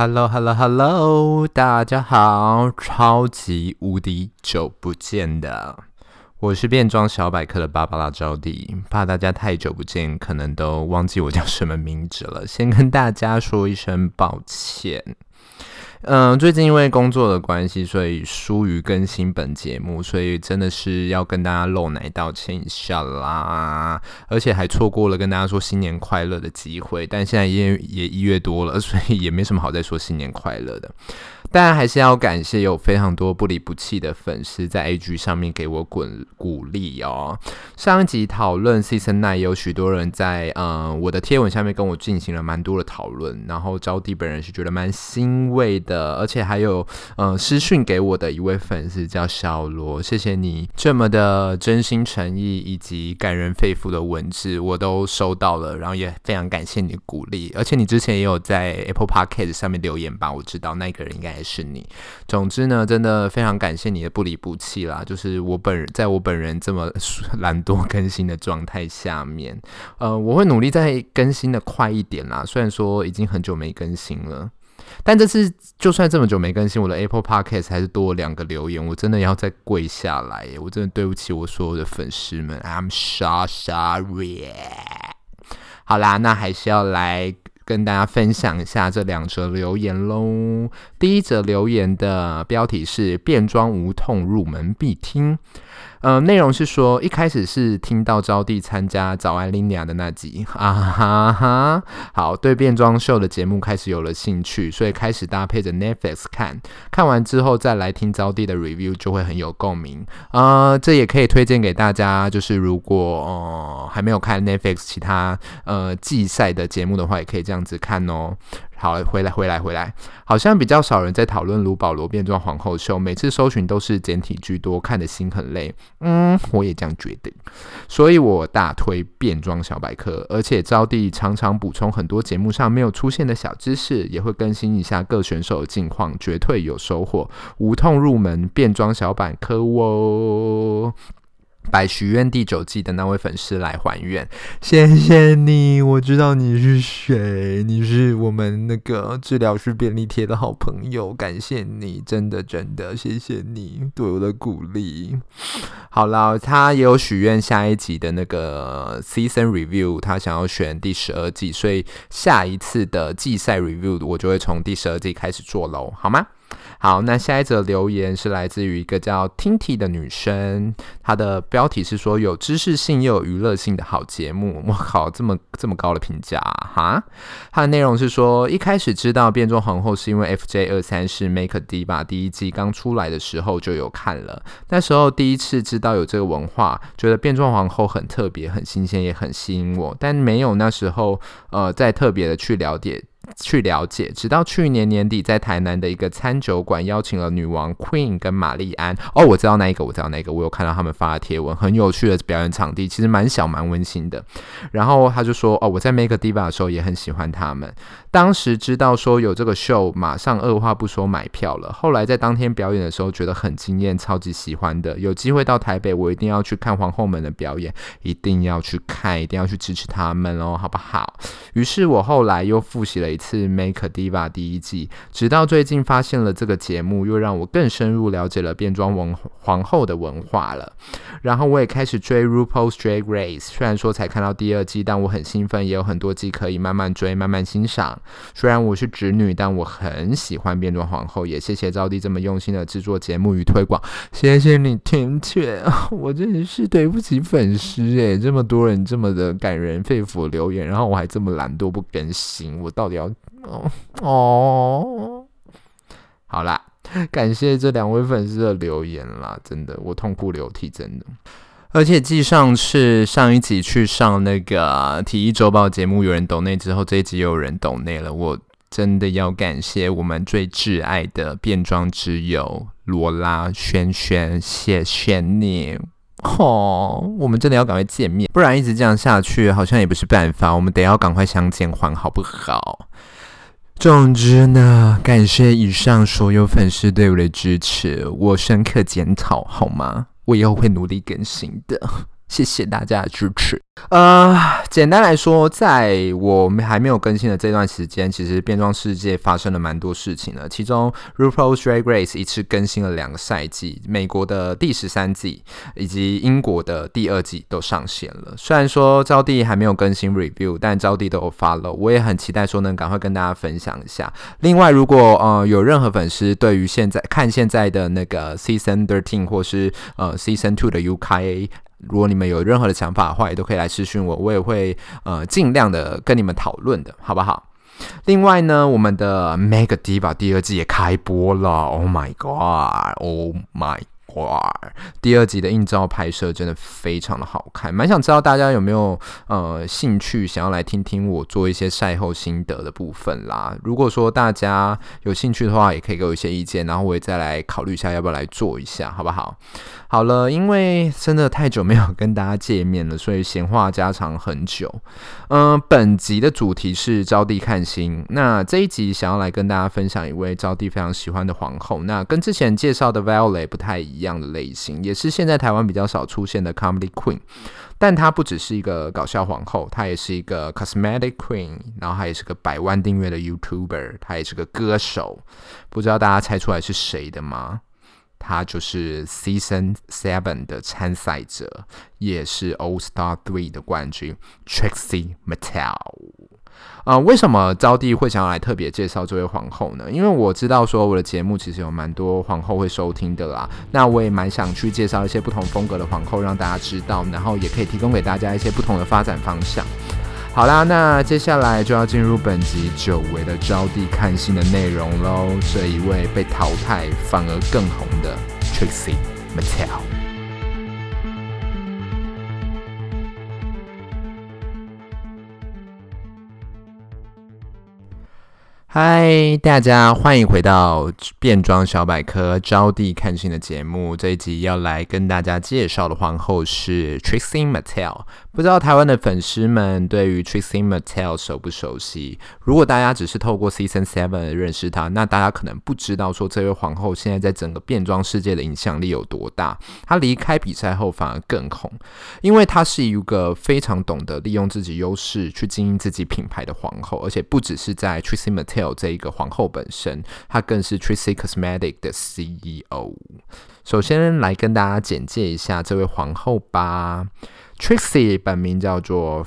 Hello Hello Hello，大家好！超級無敵久不見的，我是變裝小百科的芭芭拉招弟。怕大家太久不見，可能都忘記我叫什麼名字了，先跟大家說一聲抱歉。嗯，最近因為工作的關係，所以疏於更新本節目，所以真的是要跟大家露奶道歉一下啦，而且還錯過了跟大家說新年快樂的機會。但現在也也一月多了，所以也沒什麼好再說新年快樂的。當然還是要感謝有非常多不離不棄的粉絲在 IG 上面給我鼓鼓勵哦。上一集討論 Season Nine，有許多人在嗯我的貼文下面跟我進行了蠻多的討論，然後招弟本人是覺得蠻欣慰的。的，而且還有，呃、嗯，私訊給我的一位粉絲叫小羅，謝謝你這麼的真心誠意以及感人肺腑的文字，我都收到了，然後也非常感謝你的鼓勵。而且你之前也有在 Apple Podcast 上面留言吧，我知道那個人應該也是你。總之呢，真的非常感謝你的不離不棄啦，就是我本人在我本人這麼懶惰更新的狀態下面，呃，我會努力再更新的快一點啦。雖然說已經很久沒更新了。但這次就算這麼久沒更新，我的 Apple Podcast 還是多了兩個留言，我真的要再跪下來耶，我真的對不起我所有的粉絲們，I'm so sorry。好啦，那還是要來跟大家分享一下這兩則留言嘍。第一則留言的標題是“變裝無痛入門必聽”。呃，內容是說，一開始是聽到招弟參加《早安 Linia》的那集，啊哈哈，好對變裝秀的節目開始有了興趣，所以開始搭配着 Netflix 看，看完之後再來聽招弟的 review 就會很有共鳴。啊、呃，這也可以推薦給大家，就是如果呃還沒有看 Netflix 其他呃季賽的節目的話，也可以這樣子看哦。好，回來回來回來，好像比較少人在討論盧保羅變裝皇后秀，每次搜尋都是簡體居多，看得心很累。嗯，我也這樣覺得，所以我大推變裝小百科，而且招弟常常補充很多節目上沒有出現的小知識，也會更新一下各選手的近況，絕對有收穫，無痛入門變裝小百科哦。把許願第九季的那位粉絲來還願，謝謝你，我知道你是誰，你是我們那個治療師便利貼的好朋友，感謝你，真的真的謝謝你對我的鼓勵。好了，他也有許願下一集的那個 season review，他想要選第十二季，所以下一次的季賽 review 我就會從第十二季開始做嘍，好嗎？好，那下一則留言是來自於一個叫 Tinty 的女生，她的標題是說，有知識性又有娛樂性的好節目。我靠，這麼這麼高的評價啊哈。她的內容是說，一開始知道變裝皇後是因為 FJ 二三，是 Make a D 吧第一季剛出來的時候就有看了，那時候第一次知道有這個文化，覺得變裝皇後很特別、很新鮮，也很吸引我，但沒有那時候呃再特別的去了解。去了解，直到去年年底，在台南的一個餐酒館邀請了女王 Queen 跟瑪麗安哦，我知道那一個，我知道那個，我有看到他們發的貼文，很有趣的表演場地，其實蠻小蠻溫馨的。然後他就說哦，我在 Make Diva 的時候也很喜歡他們，當時知道說有這個秀，馬上二話不說買票了。後來在當天表演的時候覺得很驚艷，超級喜歡的。有機會到台北，我一定要去看皇後們的表演，一定要去看，一定要去支持他們哦，好不好？於是我後來又複習了。每次《Make a Diva》第一季，直到最近發現了這個節目，又讓我更深入了解了變裝文皇後的文化了。然後我也開始追《RuPaul's Drag Race》，雖然說才看到第二季，但我很興奮，也有很多季可以慢慢追、慢慢欣賞。雖然我是直女，但我很喜歡變裝皇後。也謝謝招弟這麼用心的制作節目與推廣，謝謝你聽勸，我真的是對不起粉絲哎，這麼多人這麼的感人肺腑留言，然後我還這麼懶惰不更新，我到底要？哦哦，好啦，感謝這兩位粉絲的留言啦，真的我痛哭流涕，真的。而且，繼上次上一集去上那個《體育週報》節目有人抖內之後，這一集又有人抖內了，我真的要感謝我們最摯愛的變裝之友羅拉軒軒，謝謝你。吼，我們真的要趕快見面，不然一直這樣下去好像也不是辦法。我們得要趕快相見，緩好不好？總之呢，感謝以上所有粉絲對我的支持，我深刻檢討，好嗎？我以後會努力更新的。謝謝大家的支持。呃，簡單來說，在我們還沒有更新的這段時間，其實變裝世界發生了蠻多事情。其中，RuPaul's Drag Race 一次更新了兩個賽季，美國的第十三季以及英國的第二季都上線了。雖然說招弟還沒有更新 review，但招弟都有 follow，我也很期待說能趕快跟大家分享一下。另外，如果呃有任何粉絲對於現在看現在的那個 season thirteen 或是呃 season two 的 UKA。如果你們有任何的想法的話，也都可以來私信我，我也會呃盡量的跟你們討論的，好不好？另外呢，我們的《Mega Diva》第二季也開播了，Oh my God，Oh my。哇，第二集的硬照拍攝真的非常的好看，蠻想知道大家有沒有呃興趣想要來聽聽我做一些賽後心得的部分啦。如果說大家有興趣的話，也可以給我一些意見，然後我也再來考慮一下要不要來做一下，好不好？好了，因為真的太久沒有跟大家見面了，所以閒話家常很久。嗯、呃，本集的主題是招弟看星，那這一集想要來跟大家分享一位招弟非常喜歡的皇後，那跟之前介紹的 Violet 不太一樣。一樣的類型，也是現在台灣比較少出現的 comedy queen，但她不只是一個搞笑皇後，她也是一個 cosmetic queen，然後她也是個百萬訂閱的 youtuber，她也是個歌手，不知道大家猜出來是誰的嗎？她就是 season seven 的參賽者，也是 All star three 的冠軍 Trixie Mattel。啊、呃，為什麼招弟會想要來特別介紹這位皇後呢？因為我知道說我的節目其實有蠻多皇後會收聽的啦，那我也蠻想去介紹一些不同風格的皇後，讓大家知道，然後也可以提供給大家一些不同的發展方向。好啦，那接下來就要進入本集久違的招弟看星的內容嘍，這一位被淘汰反而更紅的 Trixie Mattel 嗨，大家歡迎回到《變裝小百科》招弟看星的節目。這一集要來跟大家介紹的皇後是 Trixie Mattel。不知道台灣的粉絲們對於 Trixie Mattel 熟不熟悉？如果大家只是透過 Season Seven 認識她，那大家可能不知道說這位皇后現在在整個變裝世界的影響力有多大。她離開比賽後反而更紅，因為她是一個非常懂得利用自己優勢去經營自己品牌的皇後，而且不只是在 Trixie Mattel。還有這一個皇后本身，她更是 Trixie Cosmetics 的 CEO。首先來跟大家簡介一下這位皇后吧。Trixie 本名叫做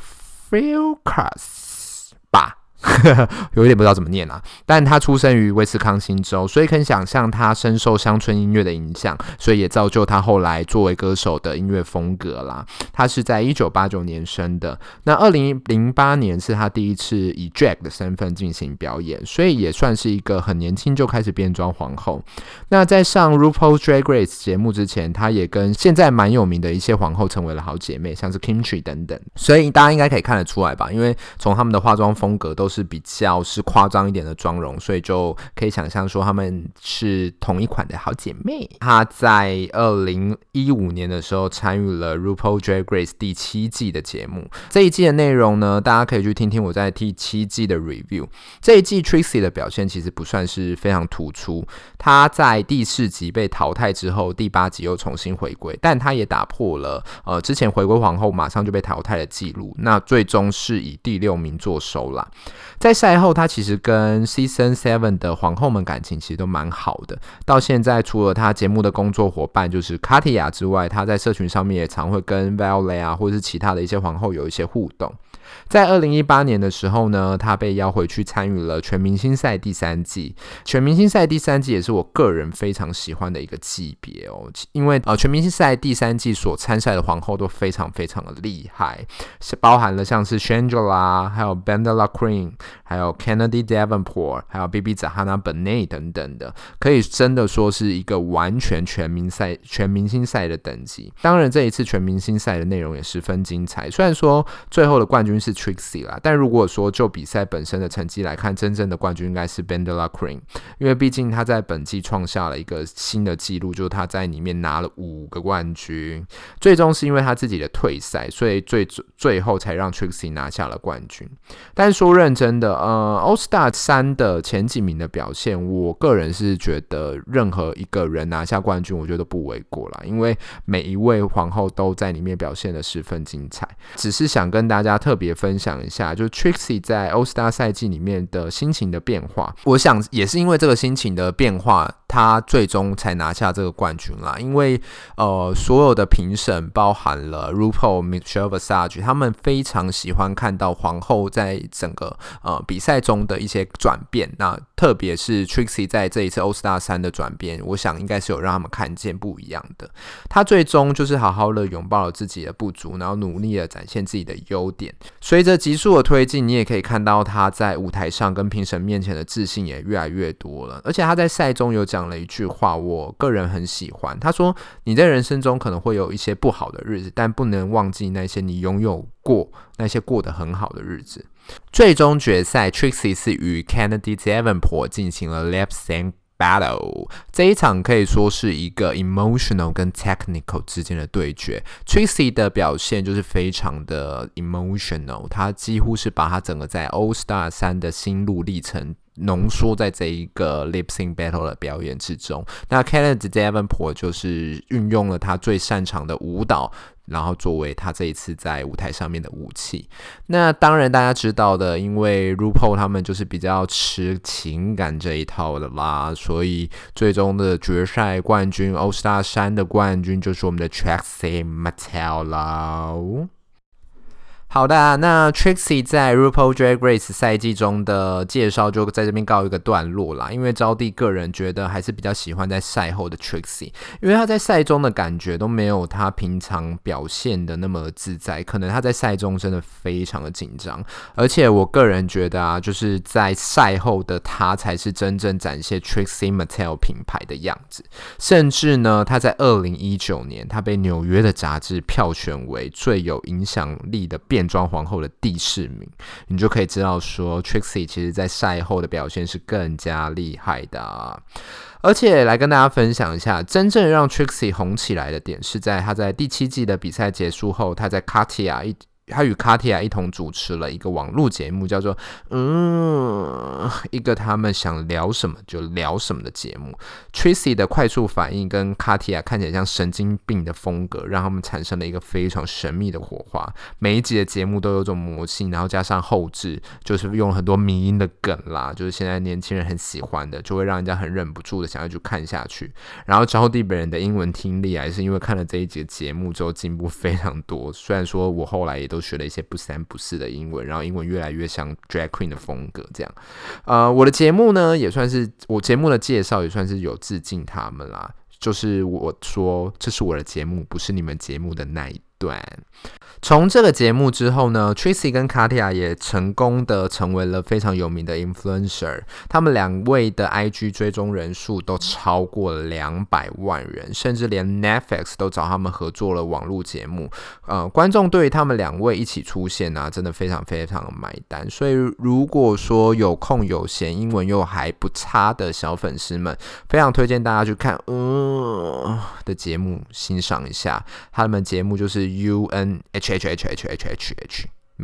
Firkus 吧。 有點不知道怎麼念啦、啊，但他出生於威斯康星州，所以可以想象他深受鄉村音樂的影響，所以也造就他後來作為歌手的音樂風格啦。他是在一九八九年生的，那二零零八年是他第一次以 Jack 的身份進行表演，所以也算是一個很年輕就開始變裝皇後。那在上 RuPaul's Drag Race 節目之前，他也跟現在蠻有名的一些皇后成為了好姐妹，像是 Kimchi 等等，所以大家應該可以看得出來吧？因為從他們的化妝風格都是。是比較是誇張一點的妝容，所以就可以想象說他們是同一款的好姐妹。她在二零一五年的時候參與了 RuPaul's Drag Race 第七季的節目，這一季的內容呢，大家可以去聽聽我在第七季的 review。這一季 Trixie 的表現其實不算是非常突出，她在第四集被淘汰之後，第八集又重新回歸，但她也打破了呃之前回歸皇后馬上就被淘汰的記錄，那最終是以第六名作收啦。在賽後，他其實跟 Season 7的皇後們感情其實都蠻好的。到現在，除了他節目的工作夥伴就是卡提亞之外，他在社群上面也常會跟 Violet 啊，或者是其他的一些皇後有一些互動。在二零一八年的時候呢，他被邀回去參與了全明星賽第三季。全明星賽第三季也是我個人非常喜歡的一個級別哦，因為呃，全明星賽第三季所參賽的皇後都非常非常的厲害，是包含了像是 Shangela、還有 BenDeLaCreme、還有 Kennedy Davenport 還有 BeBe Zahara Benet 等等的，可以真的說是一個完全全明星賽全明星賽的等級。當然，這一次全明星賽的內容也十分精彩，雖然說最後的冠軍，是 Trixie 啦，但如果說就比賽本身的成績來看，真正的冠軍應該是 BenDeLaCreme 因為畢竟他在本季創下了一個新的紀錄，就是他在裡面拿了五個冠軍。最終是因為他自己的退賽，所以最最後才讓 Trixie 拿下了冠軍。但說認真的，呃，All Star 三的前幾名的表現，我個人是覺得任何一個人拿下冠軍，我覺得不為過啦，因為每一位皇後都在裡面表現得十分精彩。只是想跟大家特別。也分享一下，就是 Trixie 在 All Star 賽季裡面的心情的變化。我想也是因為這個心情的變化。他最終才拿下這個冠軍啦，因為呃，所有的評審包含了 Rupaul、Michelle Basage，他們非常喜歡看到皇後在整個呃比賽中的一些轉變。那特別是 t r x c y 在這一次，All、Star 三的轉變，我想應該是有讓他們看見不一樣的。他最終就是好好的擁抱了自己的不足，然後努力的展現自己的優點。隨着集速的推進，你也可以看到他在舞台上跟評審面前的自信也越來越多了。而且他在賽中有講。講了一句話，我個人很喜歡。他說：“你在人生中可能會有一些不好的日子，但不能忘記那些你擁有過、那些過得很好的日子。最”最終決賽，Trixie 是與 Kennedy Davenport 進行了 Lip Sync Battle。這一場可以說是一個 emotional 跟 technical 之間的對決。Trixie 的表現就是非常的 emotional，他幾乎是把他整個在 All Star 三的心路歷程。濃縮在這一個 lip sync battle 的表演之中。那 Kennedy Davenport 就是運用了他最擅長的舞蹈，然後作為他這一次在舞台上面的武器。那當然大家知道的，因為 RuPaul 他們就是比較吃情感這一套的啦，所以最終的決賽冠軍，All Stars 3的冠軍就是我們的 Trixie Mattel 啦。好的、啊，那 Trixie 在 RuPaul Drag Race 賽季中的介紹就在這邊告一個段落啦。因為招弟個人覺得還是比較喜歡在賽後的 Trixie，因為他在賽中的感覺都沒有他平常表現的那麼自在，可能他在賽中真的非常的緊張。而且我個人覺得啊，就是在賽後的他才是真正展現 Trixie Mattel 品牌的樣子。甚至呢，他在二零一九年，他被紐約的雜誌票選為最有影響力的變化。裝皇後的第四名，你就可以知道說 t r i c i y 其實，在賽後的表現是更加厲害的，而且來跟大家分享一下，真正讓 t r i c i y 紅起來的點是在他在第七季的比賽結束後，他在 Katia 一。他與卡提亞一同主持了一個網絡節目，叫做“嗯”，一個他們想聊什麼就聊什麼的節目。Trixie 的快速反應跟卡提亞看起來像神經病的風格，讓他們產生了一個非常神秘的火花。每一集的節目都有種魔性，然後加上後製，就是用了很多迷因的梗啦，就是現在年輕人很喜歡的，就會讓人家很忍不住的想要去看下去。然後招弟本人的英文聽力啊，也是因為看了這一集節目之後進步非常多。雖然說我後來也。都學了一些不三不四的英文，然後英文越來越像 Drag Queen 的風格，這樣。呃、uh，我的節目呢，也算是我節目的介紹，也算是有致敬他們啦。就是我說，這是我的節目，不是你們節目的那一段。從這個節目之後呢，Trixie 跟卡蒂亞也成功的成為了非常有名的 influencer，他們兩位的 IG 追蹤人數都超過兩百萬人，甚至連 Netflix 都找他們合作了網絡節目。呃，觀眾對於他們兩位一起出現啊，真的非常非常的買單。所以如果說有空有閒，英文又還不差的小粉絲們，非常推薦大家去看。嗯。的節目欣賞一下，他們節目就是 UNHhhh。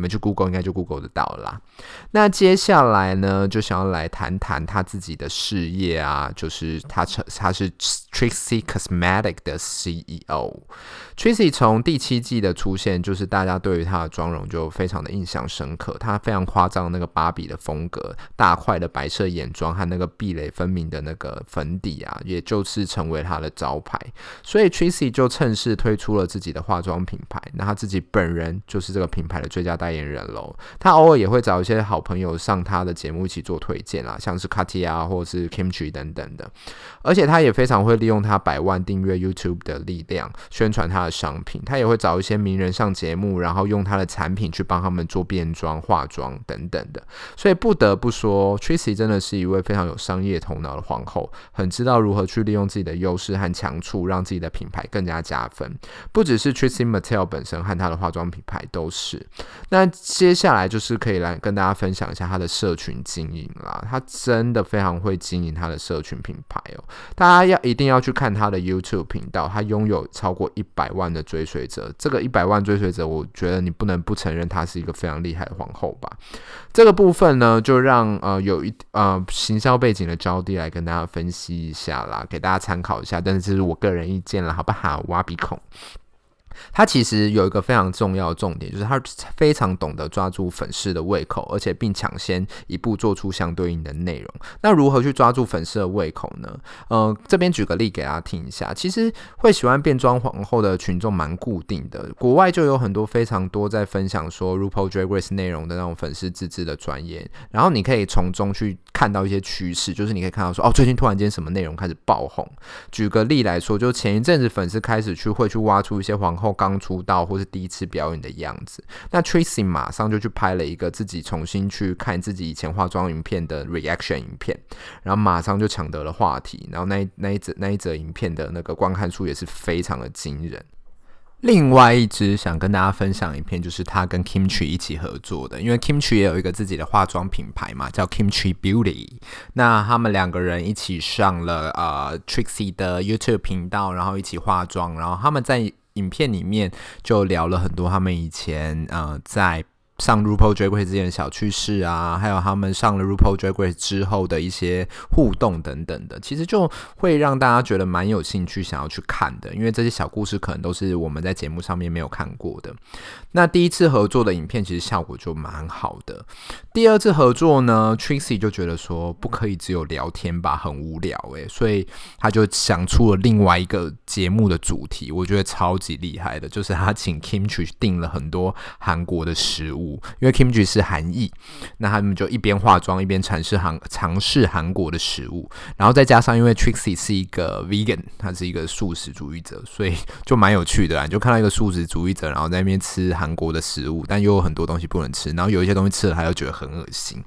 你們去 Google 應該就 Google 得到了啦。那接下來呢，就想要來談談他自己的事業啊，就是他他是 Trixie Cosmetics 的 CEO。 Trixie 從第七季的出現，就是大家對於他的妝容就非常的印象深刻，他非常誇張那個芭比的風格，大塊的白色眼妝和那個壁壘分明的那個粉底啊，也就是成為他的招牌。所以 Trixie 就趁勢推出了自己的化妝品牌，那他自己本人就是這個品牌的最佳代表。代言人嘍，他偶爾也會找一些好朋友上他的節目一起做推薦啊，像是 Katya 啊，或者是 Kimchi 等等的。而且他也非常會利用他百萬訂閱 YouTube 的力量宣傳他的商品。他也會找一些名人上節目，然後用他的產品去幫他們做變裝、化妝等等的。所以不得不說，Trixie 真的是一位非常有商業頭腦的皇後，很知道如何去利用自己的優勢和強處，讓自己的品牌更加加分。不只是 Trixie Mattel 本身和他的化妝品牌都是。那接下來就是可以來跟大家分享一下他的社群經營啦，他真的非常會經營他的社群品牌哦、喔。大家要一定要去看他的 YouTube 頻道，他擁有超過一百萬的追隨者。這個一百萬追隨者，我覺得你不能不承認他是一個非常厲害的皇后吧？這個部分呢，就讓呃有一呃行銷背景的招弟來跟大家分析一下啦，給大家參考一下。但是這是我個人意見了，好不好？挖鼻孔。他其實有一個非常重要的重點，就是他非常懂得抓住粉絲的胃口，而且並搶先一步做出相對應的內容。那如何去抓住粉絲的胃口呢？呃，這邊舉個例給大家聽一下。其實會喜歡變裝皇後的群眾蠻固定的，國外就有很多非常多在分享說 RuPaul Drag Race 內容的那種粉絲自制的專業，然後你可以從中去看到一些趨勢，就是你可以看到說哦，最近突然間什麼內容開始爆紅。舉個例來說，就前一陣子粉絲開始去會去挖出一些皇後。剛出道或是第一次表演的樣子，那 Trixie 馬上就去拍了一個自己重新去看自己以前化妝影片的 reaction 影片，然後馬上就搶得了話題，然後那那一則那一則影片的那個觀看數也是非常的驚人。另外一支想跟大家分享一片，就是他跟 Kimchi 一起合作的，因為 Kimchi 也有一個自己的化妝品牌嘛，叫 Kimchi Beauty。那他們兩個人一起上了啊、呃、Trixie 的 YouTube 頻道，然後一起化妝，然後他們在。影片裡面就聊了很多他們以前，呃，在上 Rupaul Drag Race 之前的小趣事啊，還有他們上了 Rupaul Drag Race 之後的一些互動等等的，其實就會讓大家覺得蠻有興趣想要去看的，因為這些小故事可能都是我們在節目上面沒有看過的。那第一次合作的影片其實效果就蠻好的。第二次合作呢，Trixie 就覺得說不可以只有聊天吧，很無聊哎、欸，所以他就想出了另外一個節目的主題，我覺得超級厲害的，就是他請 Kimchi 訂了很多韓國的食物。因為 Kim Ji 是韓裔，那他們就一邊化妝一邊嘗試韓嘗試韓國的食物，然後再加上因為 Trixie 是一個 Vegan，他是一個素食主義者，所以就蠻有趣的啦。你就看到一個素食主義者，然後在那邊吃韓國的食物，但又有很多東西不能吃，然後有一些東西吃了他又覺得很惡心，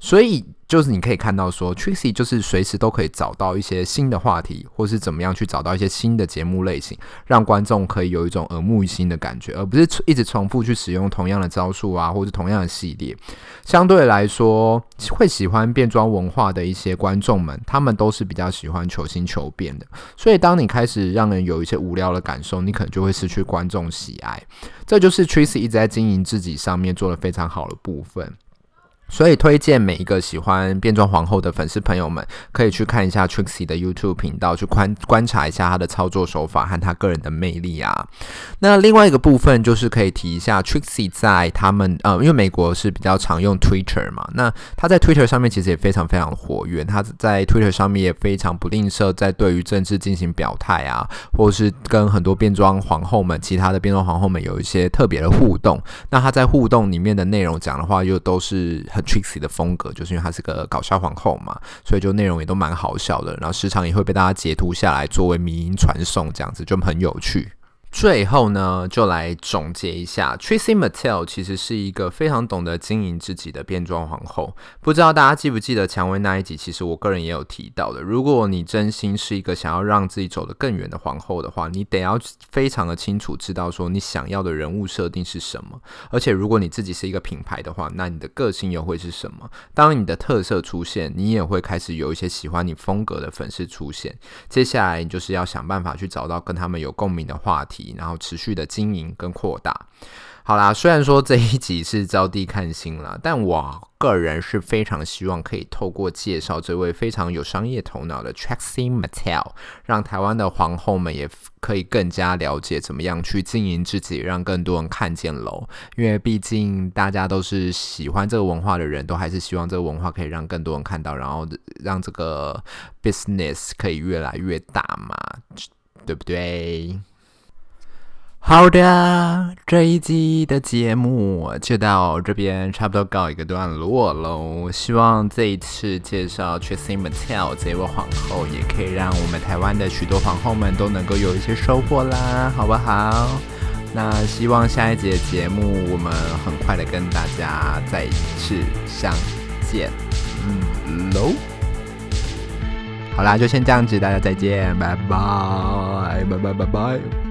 所以。就是你可以看到說，Trixie 就是隨時都可以找到一些新的話題，或是怎麼樣去找到一些新的節目類型，讓觀眾可以有一種耳目一新的感覺，而不是一直重複去使用同樣的招數啊，或者是同樣的系列。相對來說，會喜歡變裝文化的一些觀眾們，他們都是比較喜歡求新求變的。所以，當你開始讓人有一些無聊的感受，你可能就會失去觀眾喜愛。這就是 Trixie 一直在經營自己上面做得非常好的部分。所以推薦每一個喜歡變裝皇後的粉絲朋友們，可以去看一下 Trixie 的 YouTube 頻道，去觀觀察一下他的操作手法和他個人的魅力啊。那另外一個部分就是可以提一下 Trixie 在他們呃，因為美國是比較常用 Twitter 嘛，那他在 Twitter 上面其實也非常非常活躍，他在 Twitter 上面也非常不吝嗇在對於政治進行表態啊，或是跟很多變裝皇後們、其他的變裝皇後們有一些特別的互動。那他在互動裡面的內容講的話，又都是。很 Trixie 的風格，就是因為她是個搞笑皇後嘛，所以就內容也都蠻好笑的，然後時常也會被大家截圖下來作為迷因傳送，這樣子就很有趣。最後呢，就來總結一下，Trixie Mattel 其實是一個非常懂得經營自己的變裝皇後。不知道大家記不記得薔薇那一集？其實我個人也有提到的。如果你真心是一個想要讓自己走得更遠的皇後的話，你得要非常的清楚知道說你想要的人物設定是什麼。而且如果你自己是一個品牌的話，那你的個性又會是什麼？當你的特色出現，你也會開始有一些喜歡你風格的粉絲出現。接下來你就是要想辦法去找到跟他們有共鳴的話題。然後持續的經營跟擴大。好啦，雖然說這一集是招弟看星了，但我個人是非常希望可以透過介紹這位非常有商業頭腦的 Trixie Mattel，讓台灣的皇後們也可以更加了解怎麼樣去經營自己，讓更多人看見囉。因為畢竟大家都是喜歡這個文化的人，都還是希望這個文化可以讓更多人看到，然後讓這個 business 可以越來越大嘛，對不對？好的，這一集的節目就到這邊差不多告一個段落嘍。希望這一次介紹 Trixie Mattel 這位皇後，也可以讓我們台灣的許多皇後們都能夠有一些收穫啦，好不好？那希望下一集的節目我們很快的跟大家再一次相見，嗯嘍。好啦，就先這樣子，大家再見，拜拜，拜拜拜拜。